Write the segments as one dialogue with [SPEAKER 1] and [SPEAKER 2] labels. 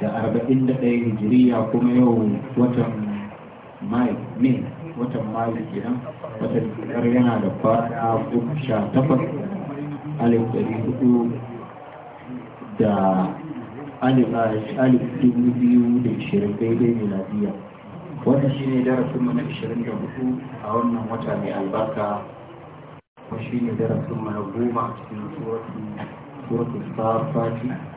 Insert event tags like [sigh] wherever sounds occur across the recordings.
[SPEAKER 1] da arba'in da ɗaya hijiriya kuma yau watan mai ne watan mayu kenan watan tsar yana da kwana goma sha takwas alif dari hudu da alif dubu biyu da ishirin daidai miladiya wannan shine darasinmu na ishirin da hudu a wannan wata mai albarka kuma shine darasinmu na goma a cikin suratul safati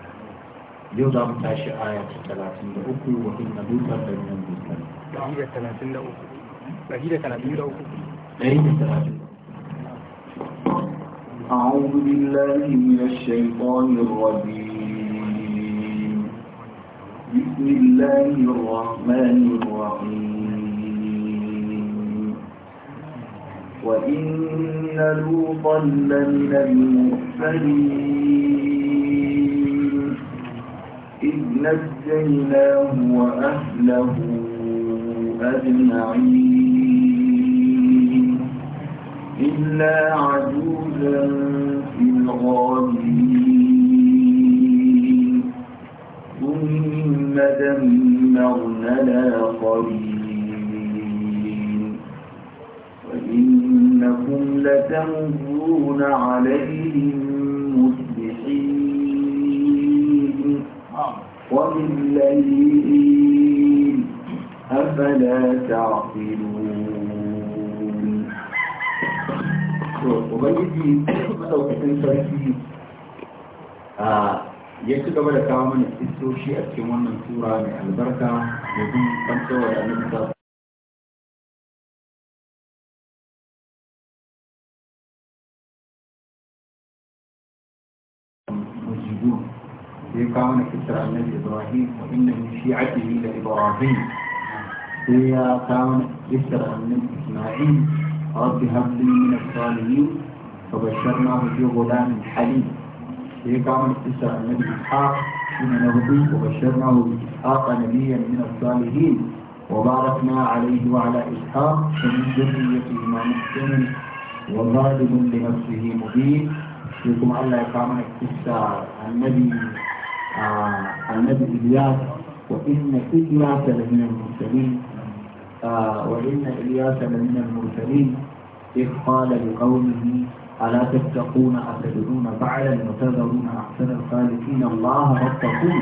[SPEAKER 1] يوضع متعشي آية 30 لأوكو وهي نبوتا بين نبوتا
[SPEAKER 2] أعوذ بالله من الشيطان الرجيم بسم الله الرحمن الرحيم وإن لوطا لمن المرسلين إذ نجيناه وأهله أجمعين إلا عجوزا في الغابرين ثم دمرنا الآخرين وإنكم لتمرون عليهم وبالليل أفلا تعقلون
[SPEAKER 1] وبيجي مدوكتين سرسي ya ci gaba da kawo mana istoshi a cikin wannan tura mai albarka da bin kwantarwa da annabta
[SPEAKER 2] mujibu ya kawo mana عيسى من إبراهيم وإن من شيعته لإبراهيم ويا كان
[SPEAKER 1] يسرى من إسماعيل رب هب لي من الصالحين فبشرناه في غلام حليم ويا كان يسرى من إسحاق من نبي
[SPEAKER 2] وبشرناه بإسحاق نبيا من الصالحين وباركنا عليه وعلى إسحاق ومن ذريته ما محسن وظالم لنفسه مبين يقوم الله يقام على النبي النبي إلياس وإن إلياس لمن المرسلين آه، وإن إلياس لمن المرسلين إذ قال لقومه ألا تتقون أتدعون بعلا وتذرون أحسن الخالقين الله ربكم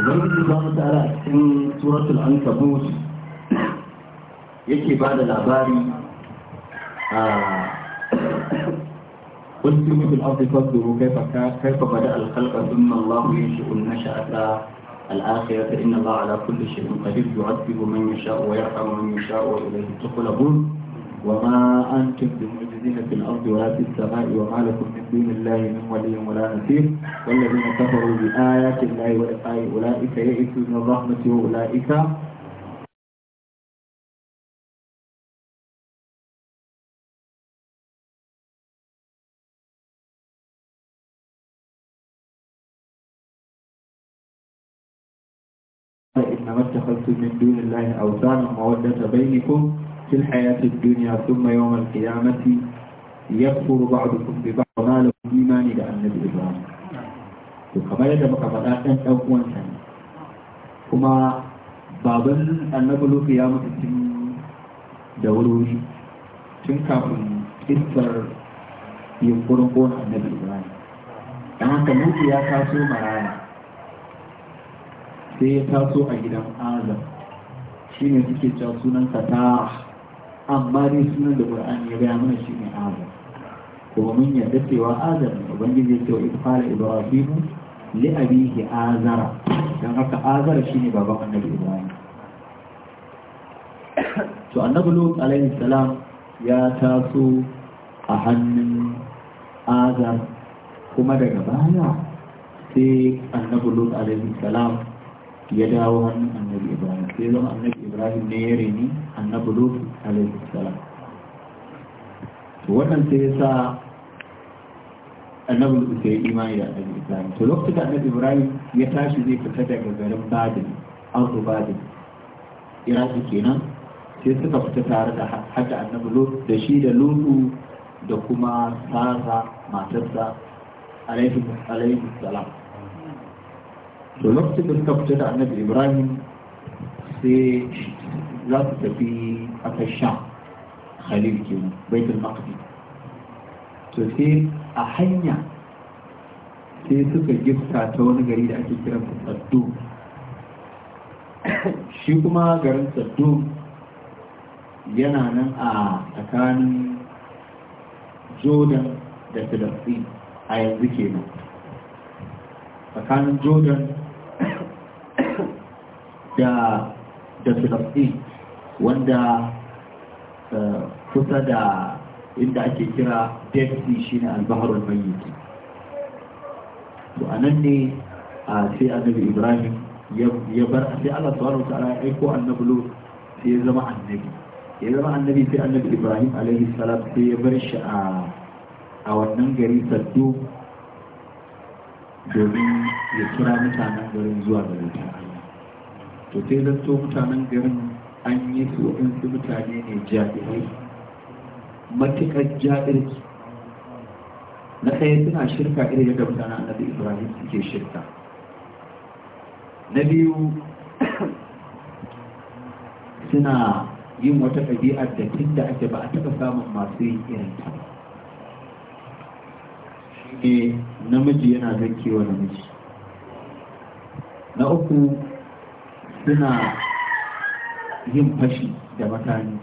[SPEAKER 1] ربما الله تعالى في سورة العنكبوت يكي بعد العباري آه، قلت في الأرض فضله كيف كيف بدأ الخلق ثم الله ينشئ النشأة الآخرة إن الله على كل شيء قدير يعذب من يشاء ويرحم من يشاء وإليه تقلبون وما أنتم بمعجزين في الأرض ولا في السماء وما لكم من دون الله من ولي ولا نصير والذين كفروا بآيات الله ولقائه أولئك يئسوا من الرحمة وأولئك
[SPEAKER 3] إنما اتخذتم
[SPEAKER 1] من دون الله أوثانا مودة بينكم في الحياة الدنيا ثم يوم القيامة يكفر بعضكم ببعض ما له إيمان إلى النبي إبراهيم وكما يجب كما أن أكون
[SPEAKER 2] كما baban annabi lutu ya mutu tun da wuri tun kafin istar yunkurin kona annabi ibrahim
[SPEAKER 1] don haka ya taso maraya sai ya taso a gidan azam shi ne suke cewa sunan ta amma dai sunan da qur'ani ya gaya mana shi ne adam kuma mun yarda cewa adam ne ubangiji ya ce wa ifala ibrahim li abihi azara dan haka azara shine baban annabi ibrahim to annabi lut alaihi salam ya taso a hannun azar kuma daga baya sai annabi lut alaihi salam ya dawo hannun annabi ibrahim sai zama annabi ibrahim ne ya reni annabi lutu alaihi salam to wannan sai ya sa annabi lutu sai imani da annabi ibrahim to lokacin da annabi ibrahim ya tashi zai fita daga garin badin arzu badin iraki kenan sai suka fita tare da hada annabi lutu da shi da lutu da kuma sara matarsa alaihi salam to lokacin da suka fita da annabi ibrahim sai za su tafi ƙasar sham khalil bai baitul maqdis to sai a hanya sai suka gifta ta wani gari da ake kiran saddu shi kuma garin saddu yana nan a tsakanin jordan da filafi a yanzu kenan tsakanin jordan da da filafi wanda eh, kusa da inda ake kira shi ne shine albaharul mayyit to anan ne a sai annabi ibrahim ya bar sai Allah subhanahu wataala ya aiko annabi lut sai ya zama annabi ya zama annabi sai annabi ibrahim alaihi salatu sai ya bar shi a a wannan gari saddo
[SPEAKER 2] domin ya kira mutanen garin zuwa gare ta to sai zan so
[SPEAKER 1] mutanen garin an yi su waɗansu mutane ne jami'ai matuƙar ja'irki na ɗaya suna shirka irin yadda mutanen annabi ibrahim suke shirka na biyu suna yin wata ɗabi'ar da tun da ake ba a taɓa samun masu yin irin ta ne namiji yana zankewa namiji na uku suna yin fashi da mutane,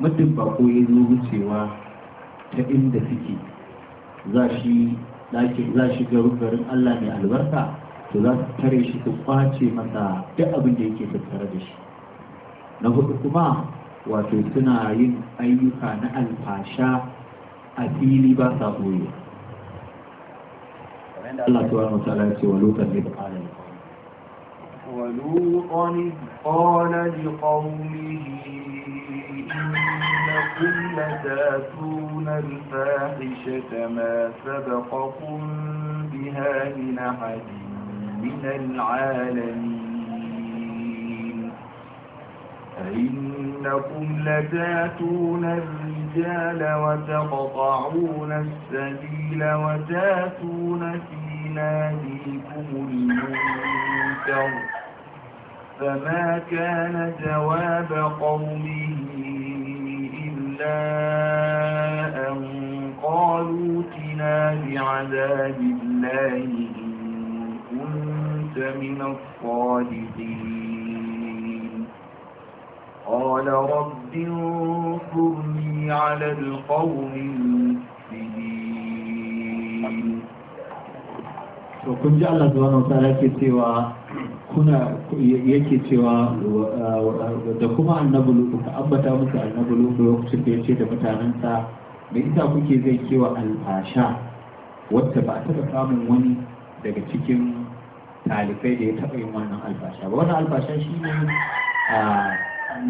[SPEAKER 1] muddin bako ya zo wucewa
[SPEAKER 2] ta inda suke
[SPEAKER 1] za shi za shi garin Allah mai albarka to za su tare shi su kwace masa duk abin da yake tattare da shi na hudu kuma wato suna yin ayyuka na alfasha a fili ba sa boye Allah ta wa ta'ala ya ce wa lutan
[SPEAKER 2] ولوطا إذ قال لقومه
[SPEAKER 1] إنكم
[SPEAKER 2] لتاتون الفاحشة ما سبقكم بها من أحد من العالمين أئنكم لتاتون الرجال وتقطعون السبيل وتاتون في ناديكم المنكر فما كان جواب قومه إلا أن قالوا تنا بعذاب الله إن كنت من الصادقين قال رب انصرني على القوم المفسدين
[SPEAKER 1] to kun ji Allah zuwa wa yake cewa kuna yake cewa da kuma annabi lutu ka ambata musu annabi lutu lokacin da yace da mutanensa da ita kuke zai kewa alfasha wacce ba a taɓa samun wani daga cikin talibai da ya taɓa yin wannan alfasha ba wannan alfasha shi ne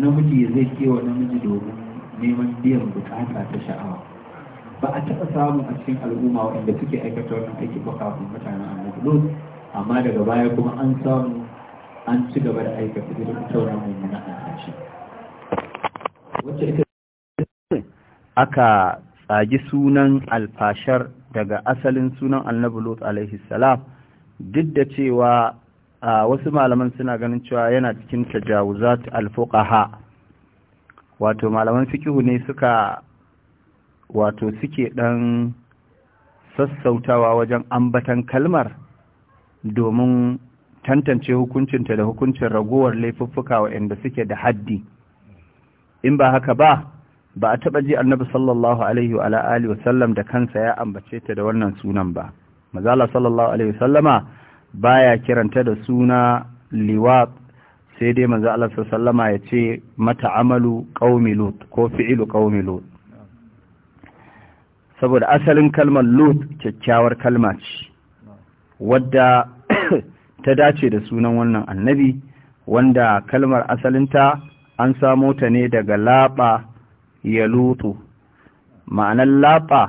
[SPEAKER 1] namiji zai kewa namiji domin neman biyan bukata ta sha'awa ba a taɓa samun a cikin al'umma waɗanda suke aikata wannan aiki ba kafin mutanen makhluk amma daga baya kuma an samu an ci gaba da aikata irin sauran mummuna a tashi aka tsagi sunan alfashar daga asalin sunan annabi lot alaihi salam duk da cewa wasu malaman suna ganin cewa yana cikin tajawuzat alfuqaha wato malaman fikihu ne suka wato suke dan sassautawa wajen ambatan kalmar domin tantance hukuncinta da hukuncin ragowar laifuffuka waɗanda suke da haddi in ba haka ba ba a taɓa ji annabi sallallahu alaihi wa alihi wasallam da kansa ya ambace ta da wannan sunan ba mazala sallallahu alaihi wasallama baya kiranta da suna liwat sai dai manzo Allah ya ce mata amalu qaumi lut ko fi'ilu qaumi lut saboda asalin kalmar lut kyakkyawar kalma ce wadda [coughs] ta dace da sunan wannan annabi wanda kalmar asalinta an samo ta ne daga laɓa ya lutu ma'anar laɓa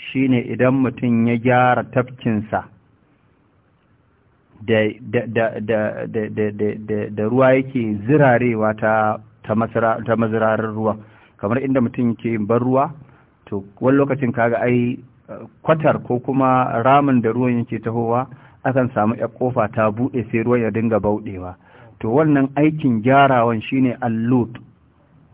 [SPEAKER 1] shi ne idan mutum ya gyara tafkinsa da ruwa yake zirarewa ta mazirarar ruwa kamar inda mutum ke yin ban ruwa to wani lokacin kaga ai kwatar ko kuma ramin da ruwan yake tahowa akan samu ya kofa ta buɗe sai ruwan ya dinga bauɗewa to wannan aikin gyarawan shine allut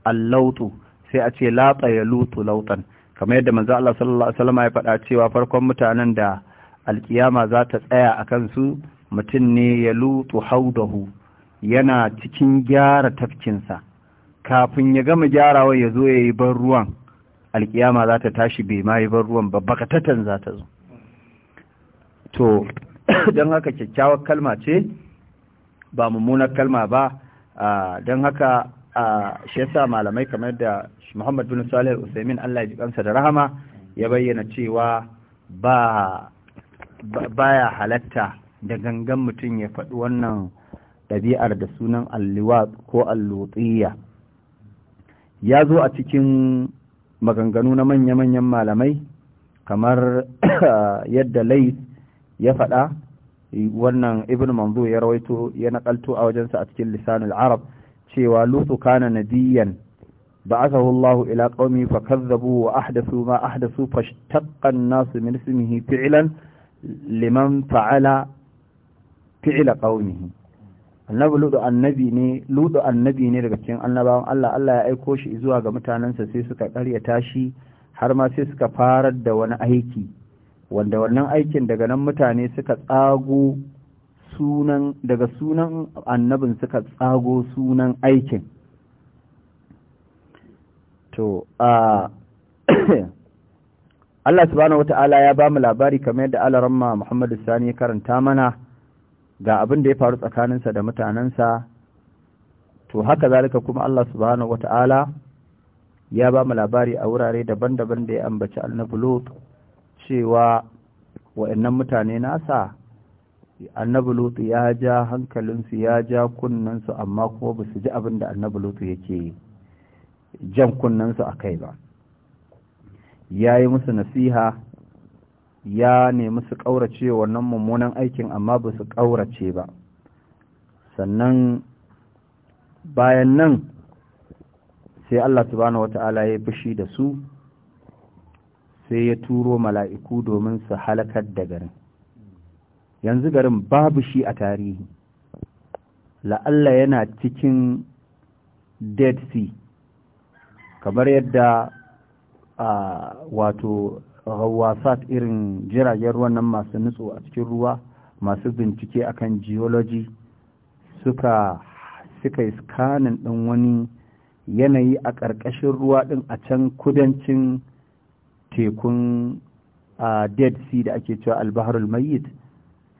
[SPEAKER 1] allautu sai a ce latsa ya lutu lautan kamar yadda manzo Allah sallallahu alaihi wasallam ya faɗa cewa farkon mutanen da alkiyama za ta tsaya a su mutum ne ya lutu haudahu yana cikin gyara tafkinsa kafin ya gama gyarawa ya zo ya ban ruwan alkiyama za ta tashi bai ma ban ruwan babba katatan za ta zo to [coughs] don haka kyakkyawar kalma ce ba mummunar kalma ba don haka shi yasa malamai kamar da Muhammad bin Salih Usaimin Allah ya ji kansa da rahama ya bayyana cewa ba baya halatta da gangan mutum ya faɗi wannan ɗabi'ar da sunan alliwa ko allutiyya ya zo a cikin maganganu na manya-manyan malamai kamar [coughs] yadda lais ya faɗa wannan ibn manzo ya rawaito ya naƙalto a wajensa a cikin lisanul arab cewa lutu kana nadiyan ba'athahu Allah ila fa kazzabu wa ahdathu ma ahdathu fashtaqqa an-nas min ismihi fi'lan liman fa'ala fi'la qaumihi annabi ludo annabi ne ludo annabi ne daga cikin annabawan Allah Allah ya aiko shi zuwa ga mutanansa sai suka karyata tashi har ma sai suka farar da wani aiki wanda wannan aikin daga nan mutane suka tsago sunan daga sunan annabin suka tsago sunan aikin to a [coughs] Allah subhanahu wata'ala ya ba mu labari kamar yadda alaramma Muhammadu Sani ya karanta mana ga abin da ya faru tsakaninsa da mutanensa to haka zalika kuma Allah subhanahu wata'ala ya ba mu labari a wurare daban-daban da ya ambaci annabi Lut cewa wa'annan mutane nasa annabi Lut ya ja hankalinsu ya ja kunnensu amma kuma ba su ji abin da annabi Lut yake jan kunnensu a kai ba ya yi musu nasiha ya nemi su ƙaurace wannan mummunan aikin amma ba su ƙaurace ba sannan bayan nan sai Allah subhanahu wata'ala ya fushi da su sai ya turo mala'iku domin su halakar da garin yanzu garin babu shi a tarihi la'alla yana cikin dead sea kamar yadda a wato wasat irin jiragen ruwan nan masu nutso a cikin ruwa masu bincike akan geology suka suka yi scanning ɗin wani yanayi a ƙarƙashin ruwa ɗin a can kudancin tekun a dead sea da ake cewa albaharul mayyit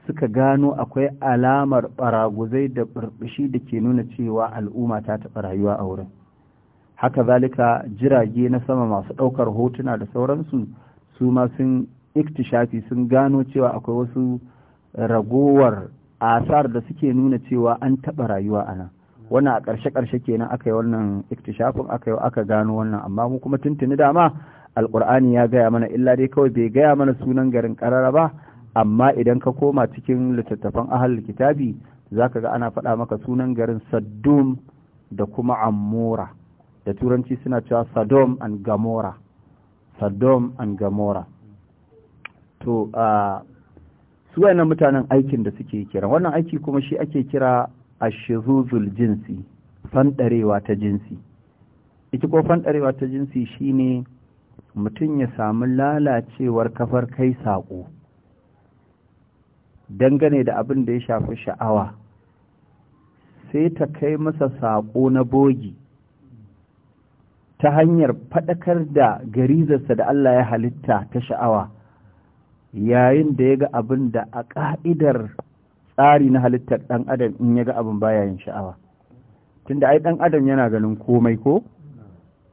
[SPEAKER 1] suka gano akwai alamar baraguzai da burbushi da ke nuna cewa al'umma ta taɓa rayuwa a wurin haka zalika jirage na sama masu ɗaukar hotuna da sauransu su ma sun iktishafi sun gano cewa akwai wasu ragowar asar da suke nuna cewa an taɓa rayuwa a nan wannan a ƙarshe-ƙarshe kenan aka yi wannan iktishafin aka yi aka gano wannan amma mu kuma tuntuni dama alƙur'ani ya gaya mana illa dai kawai bai gaya mana sunan garin ƙarara ba amma idan ka koma cikin littattafan ahal kitabi za ka ga ana faɗa maka sunan garin saddum da kuma amora da turanci suna cewa sadom and gamora Sodom and Gomorrah to a uh, su wa mutanen aikin da suke kira wannan aiki kuma shi ake kira shizuzul jinsi fanɗarewa ta jinsi ita ko fandarewa ta jinsi shine mutum ya samu lalacewar kafar kai saƙo, dangane da abin da ya shafi sha'awa sai ta kai masa saƙo na bogi ta hanyar faɗakar da garizarsa da Allah ya halitta ta sha'awa yayin da ya ga abin da a ƙa'idar tsari na halittar ɗan adam in ya ga abin baya yin sha'awa tunda ai ɗan adam yana ganin komai ko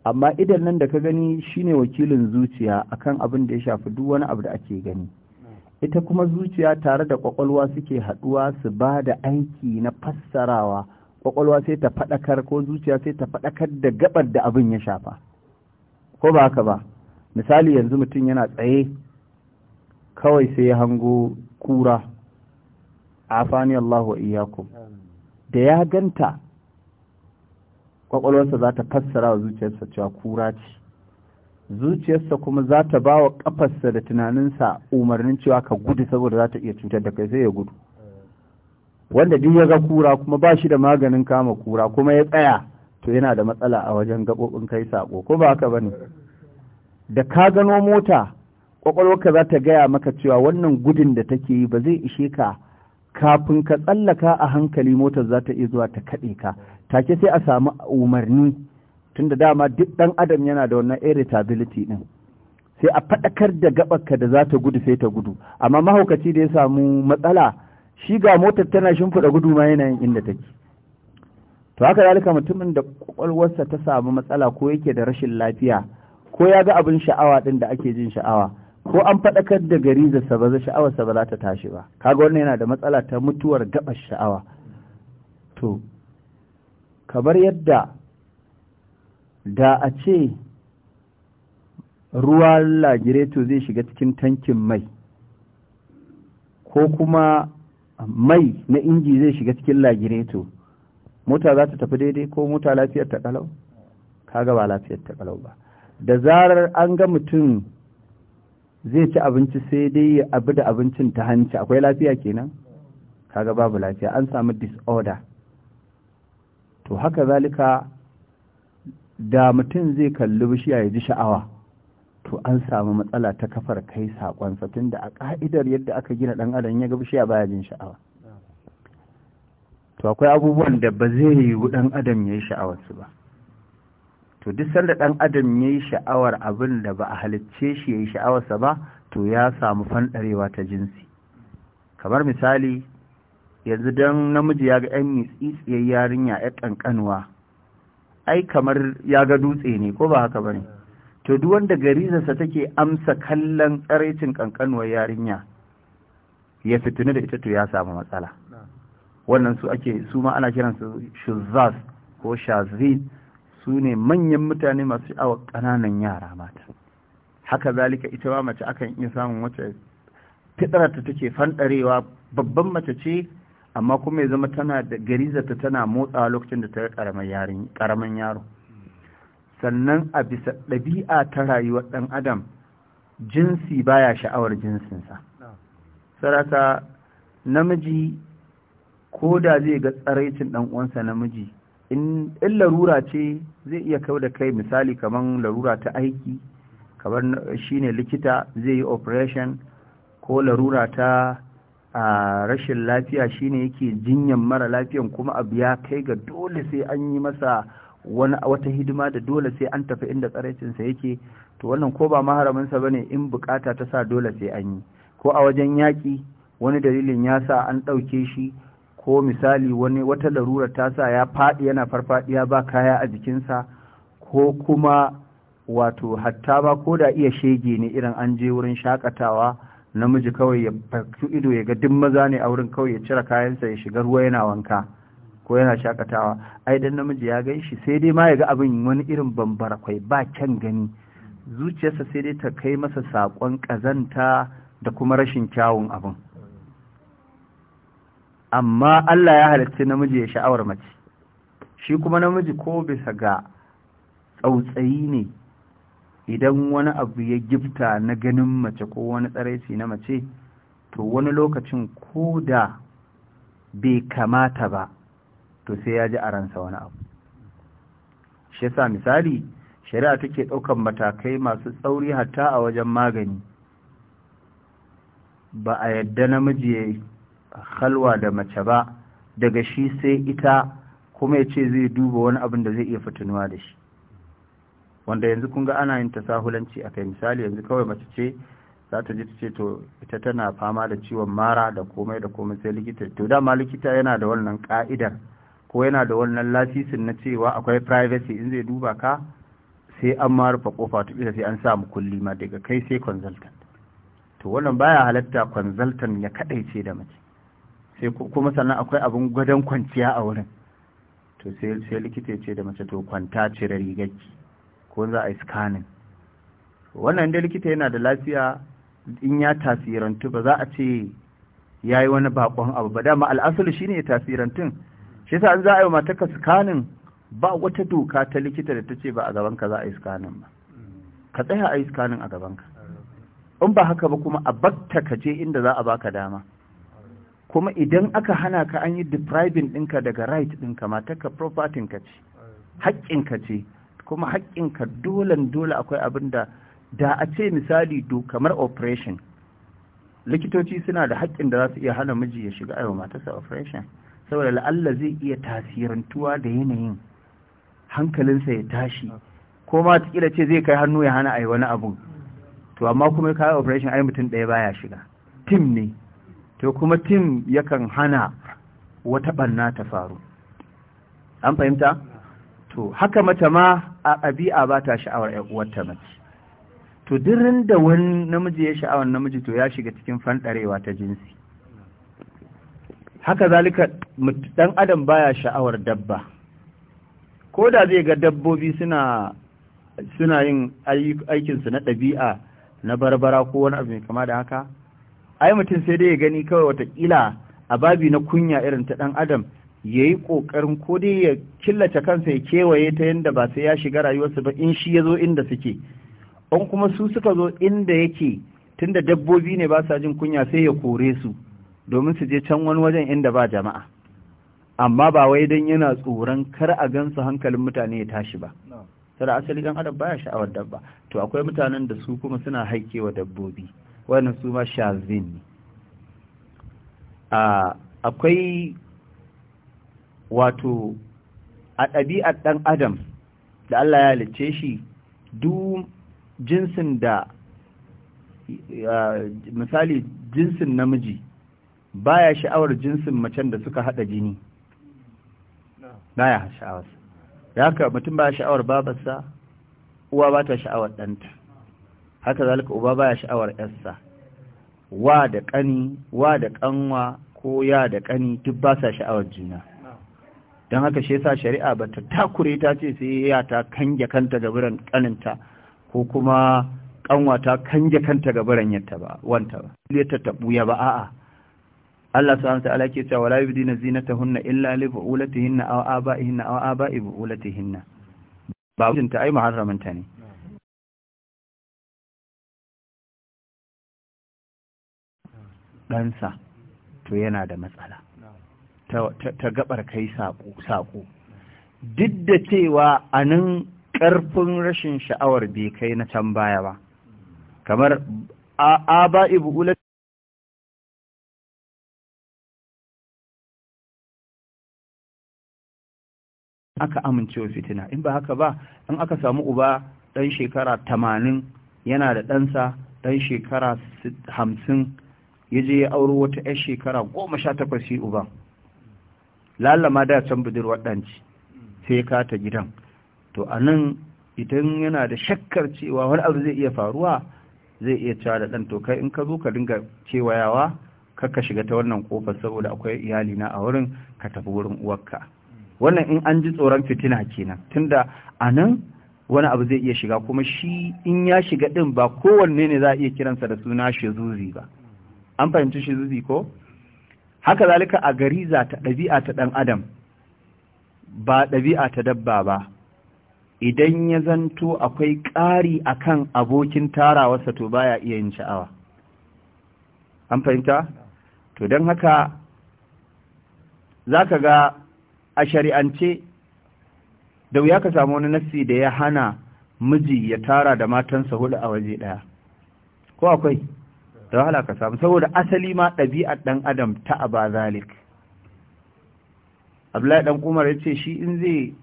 [SPEAKER 1] amma idan nan da ka gani shine wakilin zuciya akan abin da ya shafi duk wani abu da ake gani ita kuma zuciya tare da kwakwalwa suke haɗuwa su ba da aiki na fassarawa kwakwalwa sai ta faɗakar ko zuciya sai ta faɗakar da gabar da abin ya shafa ko ba haka ba misali yanzu mutum yana tsaye kawai sai ya hango kura afani Allah wa iyakum da ya ganta kwakwalwarsa za ta fassara wa zuciyarsa cewa kura ce zuciyarsa kuma za ta ba wa kafarsa da tunaninsa umarnin cewa ka gudu saboda za ta iya cutar da kai sai ya gudu wanda duk ya ga kura kuma ba shi da maganin kama kura kuma ya tsaya to yana da matsala a wajen gaɓoɓin kai sako. ko ba haka bane da ka gano mota kwakwalwarka za ta gaya maka cewa wannan gudun da take yi ba zai ishe ka kafin ka tsallaka a hankali motar za ta iya zuwa ta kaɗe ka take sai a samu umarni tunda dama duk ɗan adam yana da wannan irritability ɗin sai a faɗakar da gaɓarka da za ta gudu sai ta gudu amma mahaukaci da ya samu matsala shi ga motar tana shimfiɗa gudu ma yanayin inda take to haka zalika mutumin da kwakwalwarsa ta samu matsala ko yake da rashin lafiya ko ya ga abin sha'awa ɗin da ake jin sha'awa ko an faɗakar da gari da sa ba za sha'awarsa ba za ta tashi ba kaga wannan yana da matsala ta mutuwar gaɓar sha'awa to kamar yadda da a ce ruwa lagireto zai shiga cikin tankin mai ko kuma mai na inji zai shiga cikin lagireto mota za ta tafi daidai ko mota lafiyar ta kalau kaga ba lafiyar ta kalau ba da zarar an ga mutum zai ci abinci sai dai ya abu da abincin ta hanci akwai lafiya kenan kaga babu lafiya an samu disorder to haka zalika da mutum zai kalli bishiya ya ji sha'awa to an samu matsala ta kafar kai sakonsa da a ƙa'idar yadda aka gina ɗan adam ya ga bishiya baya jin sha'awa to akwai abubuwan da ba zai yiwu ɗan adam ya yi sha'awar su ba to duk sanda ɗan adam ya yi sha'awar abin da ba a halicce shi ya yi sha'awarsa ba to ya samu fanɗarewa ta jinsi kamar misali yanzu don namiji ya ga ‘yan mitsitsiyar yarinya ƴan ƙanƙanuwa ai kamar ya ga dutse ne ko ba haka ba ne to duk wanda take amsa kallon tsaraicin kankanuwar yarinya ya fitinu da ita to ya samu matsala wannan su ake su ma ana kiransu shuzaz ko shazin su ne manyan mutane masu sha'awar ƙananan yara mata haka zalika ita ma mace akan iya samun wata. wacce ta take fanɗarewa babban mace ce amma kuma ya zama tana da garizarta tana motsa lokacin da ta karaman yaro sannan a bisa ɗabi'a ta rayuwar ɗan adam jinsi baya sha'awar jinsinsa saraka namiji ko da zai ga tsaraicin ɗan uwansa namiji in larura ce zai iya kau da kai misali kamar larura ta aiki kamar shine likita zai yi operation ko larura ta a rashin lafiya shine yake jinyan mara lafiyan kuma abu ya kai ga dole sai an yi masa wani wata hidima da dole sai an tafi inda tsaraicinsa yake to wannan ko ba maharaminsa ba ne in bukata ta sa dole sai an yi ko a wajen yaƙi wani dalilin ya sa an ɗauke shi ko misali wani wata larura ta sa ya faɗi yana farfaɗiya ba kaya a jikinsa ko kuma wato hatta ba ko da iya shege ne irin an je wurin shakatawa namiji kawai ya ido ya ga duk maza ne a wurin kawai ya cire kayansa ya shiga ruwa yana wanka ko yana shakatawa ai dan namiji ya gan shi sai dai ma ya ga abin wani irin bambara kwai ba can gani zuciyarsa sai dai ta kai masa saƙon ƙazanta da kuma rashin kyawun abin amma Allah ya halitta namiji ya sha'awar mace shi kuma namiji ko bisa ga tsautsayi ne idan wani abu ya gifta na ganin mace ko wani tsaraici na mace to wani lokacin ko da bai kamata ba to sai ya ji a ransa wani abu shi sa misali shari'a take ɗaukan matakai masu tsauri hatta a wajen magani ba a yadda namiji ya halwa da mace ba daga shi sai ita kuma ya ce zai duba wani abin da zai iya fitinuwa da shi wanda yanzu kun ga ana yin ta tasahulanci a kai misali yanzu kawai mace ce za ta ji ta ce to ita tana fama da ciwon mara da komai da komai sai likita to dama likita yana da wannan ka'idar ko yana da wannan lasisin na cewa akwai privacy in zai duba ka sai an ma rufe kofa bisa sai an samu kulli ma daga kai sai consultant to wannan baya halatta consultant ya kadaice da mace sai kuma sannan akwai abin gwadon kwanciya a wurin to sai likita ya ce da mace to kwanta cire rigarki ko za a yi scanning wannan da likita yana da lafiya in ya tasirantu ba za a ce yayi wani bakon abu ba dama al'asali shi ne tasirantun shi sa an za a yi wa ka sikanin ba wata doka ta likita da ta ce ba a gaban ka za a yi sikanin ba ka tsaya a yi sikanin a gaban ka in ba haka ba kuma a bakta ka je inda za a baka dama kuma idan aka hana ka an yi depriving ɗinka daga right ɗinka matarka ka ce ka ce kuma haƙƙinka dolan dole akwai abin da da a ce misali do kamar operation likitoci suna da haƙƙin da za su iya hana miji ya shiga aiwa matarsa operation saboda la'alla zai iya tasirantuwa da yanayin hankalinsa ya tashi ko ma ta ce zai kai hannu ya hana a yi wani abu to amma kuma ya kawo operation ai mutum ɗaya baya shiga tim ne to kuma tim yakan hana wata ɓanna ta faru an fahimta to haka mace ma a ɗabi'a ba ta sha'awar ƴan uwarta mace to dirin da wani namiji ya sha'awar namiji to ya shiga cikin fanɗarewa ta jinsi haka zalika dan adam baya sha'awar dabba ko da zai ga dabbobi suna suna yin aikinsu na ɗabi'a na barbara ko wani abu mai kama da haka ai mutum sai dai ya gani kawai watakila a babi na kunya irin ta dan adam ya yi ƙoƙarin ko dai ya killace kansa ya kewaye ta yadda ba sai ya shiga rayuwarsu ba in shi ya zo inda suke an kuma su suka zo inda yake tunda dabbobi ne ba sa jin kunya sai ya kore su domin su je can wani wajen inda ba jama'a amma ba wai don yana tsoron kar a gansu hankalin mutane ya tashi ba sada asali ɗan adam baya sha'awar dabba to akwai mutanen da su kuma suna haikewa dabbobi wannan su ma shazin ne akwai wato a ɗabi'ar ɗan adam da Allah ya halicce shi duk jinsin da misali jinsin namiji baya sha'awar jinsin macen da suka hada jini baya sha'awar da haka mutum baya sha'awar babarsa uwa ba ta sha'awar ɗanta haka zalika uba baya sha'awar yarsa wa da ƙani wa da ƙanwa ko ya da ƙani duk ba sa sha'awar juna don haka shi yasa shari'a ba ta takure ta ce sai ya ta kange kanta ga biran ƙaninta ko kuma ƙanwa ta kange kanta ga biran yatta ba wanta ba ya ta tabu ya ba a'a Allah subhanahu ta'ala yake cewa wala yubdina zinatahunna illa li bu'ulatihinna aw aba'ihinna aw aba'i bu'ulatihinna ba mijinta ai
[SPEAKER 4] ta ne sa to yana
[SPEAKER 1] da matsala ta gabar kai saƙo duk da cewa a nan ƙarfin rashin sha'awar bai kai na can baya ba
[SPEAKER 4] kamar aba'i bu'ulati aka amincewa
[SPEAKER 1] fitina in ba haka ba in aka samu uba ɗan shekara tamanin yana da ɗansa ɗan shekara hamsin ya je ya auro wata 'yar shekara goma sha takwas shi uba lallama da can budurwar ɗanci sai ya kata gidan to a nan idan yana da shakkar cewa wani abu zai iya faruwa zai iya cewa da ɗan to kai in ka zo ka dinga cewayawa ka shiga ta wannan kofar saboda akwai iyalina a wurin ka tafi wurin uwarka wannan in an ji tsoron fitina kenan tunda a nan wani abu zai iya shiga kuma shi in ya shiga ɗin ba kowanne ne za a iya kiransa da suna shezuzi ba an fahimci shezuzi ko haka zalika a gariza ta ɗabi'a ta ɗan adam ba ɗabi'a ta dabba ba idan ya zanto akwai ƙari a kan abokin tarawarsa to baya iya yin sha'awa an fahimta to don haka za ka ga a shari'ance da wuya ka samu wani nassi da ya hana miji ya tara da matansa hudu a waje daya ko akwai da wahala ka samu saboda asali ma ɗabi'ar ɗan adam ta aba zalik abdullahi dan umar ya ce shi in zai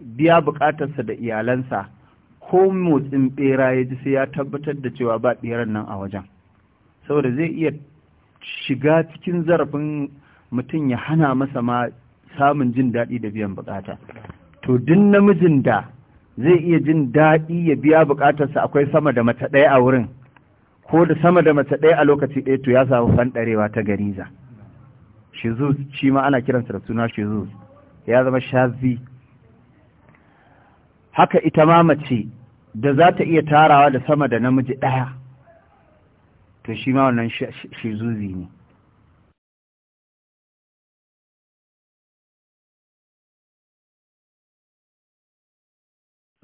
[SPEAKER 1] biya bukatarsa da iyalansa ko motsin ɓera ya ji sai ya tabbatar da cewa ba ɗeran nan a wajen saboda zai iya shiga cikin zarafin mutum ya hana masa ma samun jin daɗi da biyan bukata to duk namijin da zai iya jin daɗi ya biya bukatarsa akwai sama da mace ɗaya a wurin ko da sama da mace ɗaya a lokaci ɗaya to ya samu fanɗarewa ta gariza shizuz shi ma ana kiransa da suna shizuz ya zama shazi haka ita ma mace da za ta iya tarawa da sama da namiji ɗaya to shi ma wannan shizuzi ne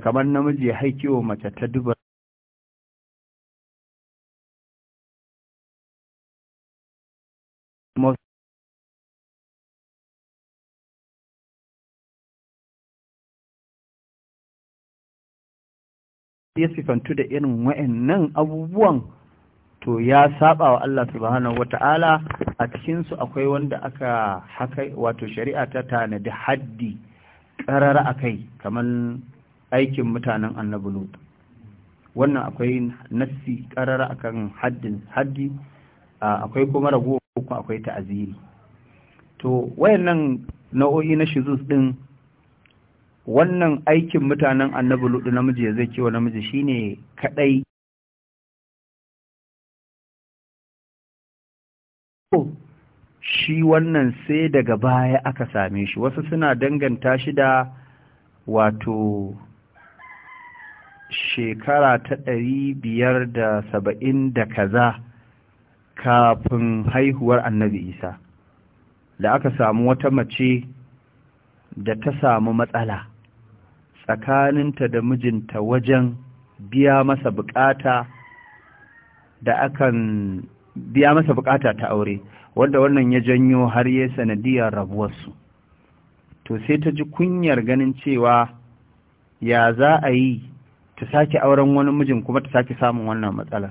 [SPEAKER 3] kamar namiji ya wa mace ta duba
[SPEAKER 4] ya sifantu da irin nan
[SPEAKER 1] abubuwan to ya saba wa Allah subhanahu wata'ala a cikinsu akwai wanda aka haka wato shari'a ta tanadi haddi a akai kamar aikin mutanen annabi lut wannan akwai nassi karara akan haddin haddi akwai kuma rago ko akwai ta'aziri to wayannan nau'o'i na shizus din wannan aikin mutanen annabi lut namiji zai wa namiji shine kadai shi wannan sai daga baya aka same shi wasu suna danganta shi da wato shekara ta ɗari biyar da saba'in da kaza kafin haihuwar annabi isa da aka samu wata mace da ta samu matsala tsakaninta da mijinta wajen biya masa bukata da akan biya masa bukata ta aure wanda wannan ya janyo har ya sanadiyar rabuwarsu to sai ta ji kunyar ganin cewa ya za a yi ta sake auren wani mijin kuma ta sake samun wannan matsala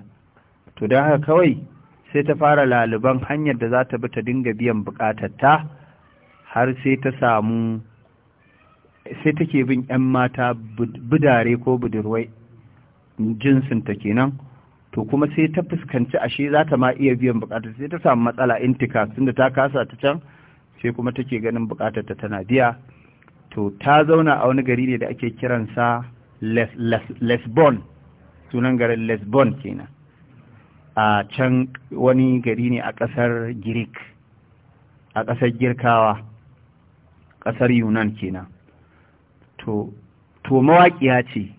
[SPEAKER 1] to don haka kawai sai ta fara laliban hanyar da za ta bi ta dinga biyan bukatarta har sai ta samu sai take bin 'yan mata budare ko budurwai jinsinta kenan to kuma sai ta fuskanci ashe za ta ma iya biyan bukatar sai ta samu matsala intika da ta kasa ta can sai kuma take ganin bukatar ta tana biya to ta zauna a wani gari ne da ake kiransa lesbon sunan garin lesbon kenan a can wani gari ne a ƙasar girik a ƙasar girkawa ƙasar yunan kenan to mawaƙiya ce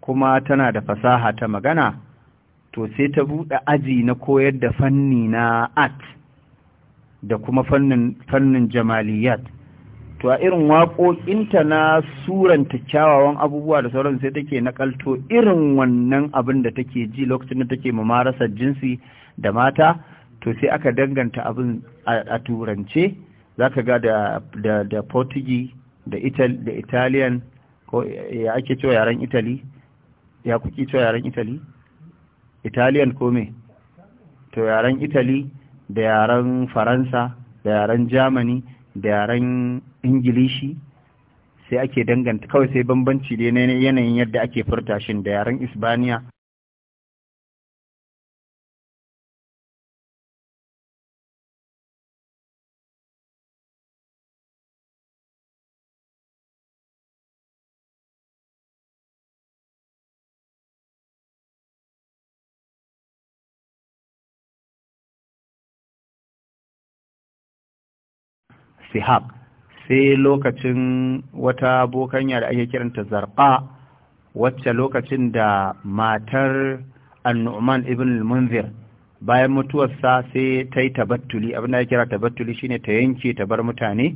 [SPEAKER 1] kuma tana da fasaha ta magana to sai ta buɗe aji na koyar da fanni na art da kuma fannin jamaliyat to a irin waƙoƙinta na suranta kyawawan abubuwa da sauran sai take nakalto irin wannan abin da take ji lokacin da take mamarasar jinsi da mata to sai aka danganta abin a turance za ka ga da portugi da italian ko ya ake cewa yaren italy ya kuki cewa yaren italy italian ko me to yaren italy da yaren faransa da yaren germany da yaren ingilishi sai ake danganta kawai sai bambanci ne na yanayin yadda ake furta shin da yaren isbaniya sihab sai lokacin wata bokanya da ake kiranta zarqa wacce lokacin da matar annu'man ibn al-munzir bayan mutuwarsa sai ta yi tabattuli abin da ya kira tabattuli shine ta yanke ta bar mutane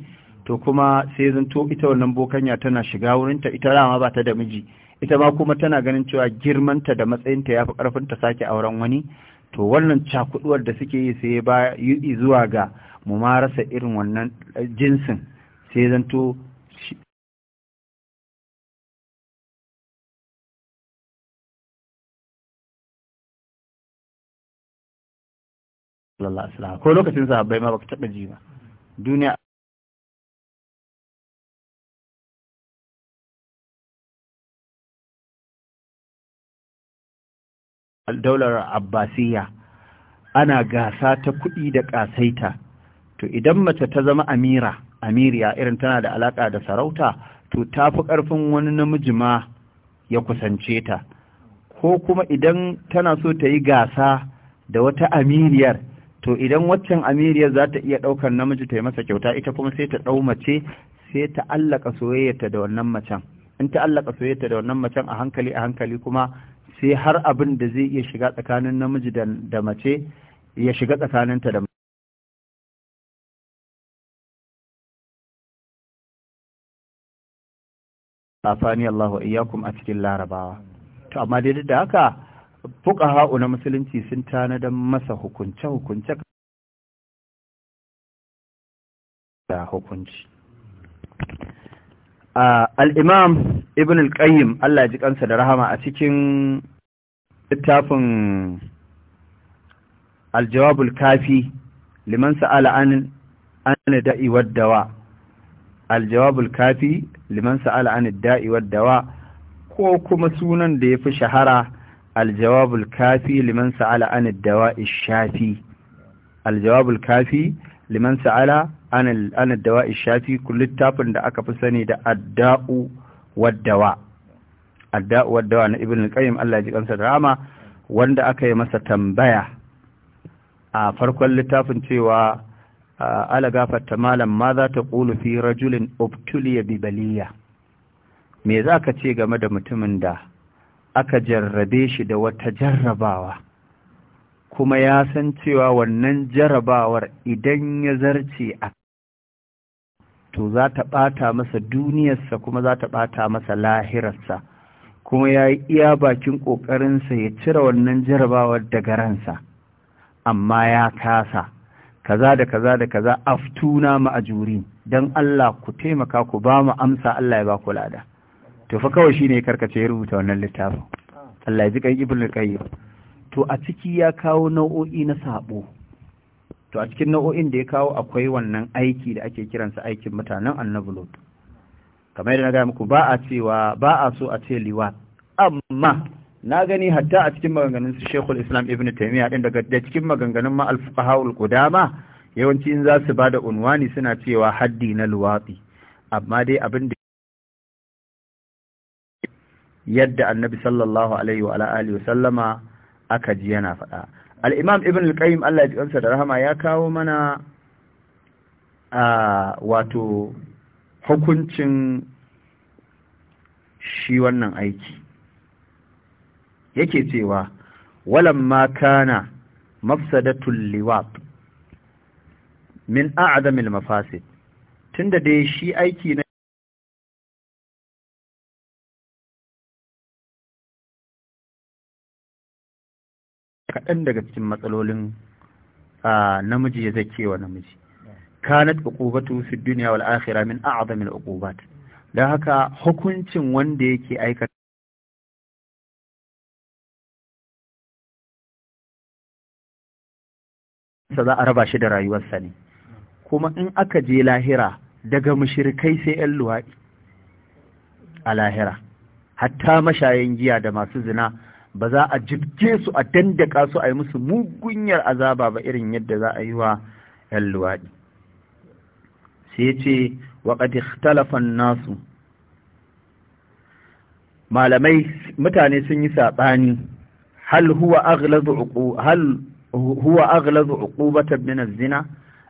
[SPEAKER 1] to kuma sai zan to ita wannan bokanya tana shiga wurinta ita rama ba ta da miji ita ma kuma tana ganin cewa girmanta da matsayinta ya fi ta sake auren wani to wannan cakuduwar da suke yi sai ba yi zuwa ga mu mumarasa irin wannan jinsin sai zanto
[SPEAKER 3] sallallahu alaihi wasallam ko lokacin sahabbai ma baka taɓa ji ba duniya
[SPEAKER 1] daular abbasiyya ana gasa ta kuɗi da ƙasaita to idan mace ta zama amira amiriya irin tana da alaka da sarauta to ta fi ƙarfin wani namiji ma ya kusance ta ko kuma idan tana so ta yi gasa da wata amiriyar to idan waccan amiriyar za ta iya ɗaukar namiji ta yi masa kyauta ita kuma sai ta ɗau mace sai ta allaka soyayyarta da wannan macen in ta allaka soyayyarta da wannan macen a hankali a hankali kuma sai har abin da zai iya shiga tsakanin namiji da mace ya shiga tsakaninta da afani Allah wa iyakum a cikin larabawa to amma daidai da haka fuqaha'u na musulunci sun da masa hukunce hukunce da hukunci al-imam ibn al-qayyim Allah ya ji kansa da rahama a cikin littafin al kafi liman sa'ala an an da'i wad dawa' aljawabul kafi liman sa'ala an da'i wad dawa ko kuma sunan da yafi shahara aljawabul kafi liman sa'ala an dawa'i ishafi? aljawabul kafi liman sa'ala an ishafi? Ku littafin da aka fi sani da adda'u wad dawa adda'u wad dawa na ibn al-qayyim Allah ya kansa rama wanda aka yi masa tambaya a farkon littafin cewa ala gafarta malam ma za ta ƙulu fi rajulin obtuliya bibaliya me za ka ce game da mutumin da aka jarrabe shi da wata jarrabawa kuma ya san cewa wannan jarrabawar idan ya zarce a to za ta ɓata masa duniyarsa kuma za ta ɓata masa lahirarsa kuma ya yi iya bakin ƙoƙarinsa ya cire wannan jarrabawar daga ransa amma ya kasa kaza da kaza da kaza aftuna ma'ajuri dan Allah ku taimaka ku ba mu amsa Allah ya ba ku lada to fa kawai shine karkace ya rubuta wannan littafin Allah ya ji kan ibnu qayyim to a ciki ya kawo nau'o'i na sabo to a cikin nau'o'in da ya kawo akwai wannan aiki da ake kiransa aikin mutanen annabi lut kamar yadda na ga muku ba a cewa ba a so a ce liwa amma na gani hatta a cikin maganganun su Sheikhul Islam Ibn Taymiyyah din daga da cikin maganganun ma al-fuqahaul qudama yawanci in za su bada unwani suna cewa haddi na luwati amma dai abin da yadda annabi sallallahu alaihi wa alihi wa sallama aka ji yana faɗa al-imam ibn al-qayyim Allah ya ji da rahama ya kawo mana a wato hukuncin shi wannan aiki yake cewa walamma kana mafsadatul liwat min a'damil mafasid tunda dai shi aiki na kaɗan daga cikin matsalolin namiji ya zake wa namiji kanat uqubatu fid dunya wal akhirah min a'zami al uqubat dan haka hukuncin
[SPEAKER 4] wanda yake aikata
[SPEAKER 1] sa za a raba shi da rayuwarsa ne kuma in aka je lahira daga mushirikai sai 'yan luwaɗi a lahira hatta mashayan giya da masu zina ba za a jirge su a dandaka su a yi musu mugunyar azaba ba irin yadda za a yi wa 'yan luwaɗi sai ce waƙadi talafan nasu malamai mutane sun yi saɓani hal huwa aghlazu hal huwa aghlazu uqubatan min az-zina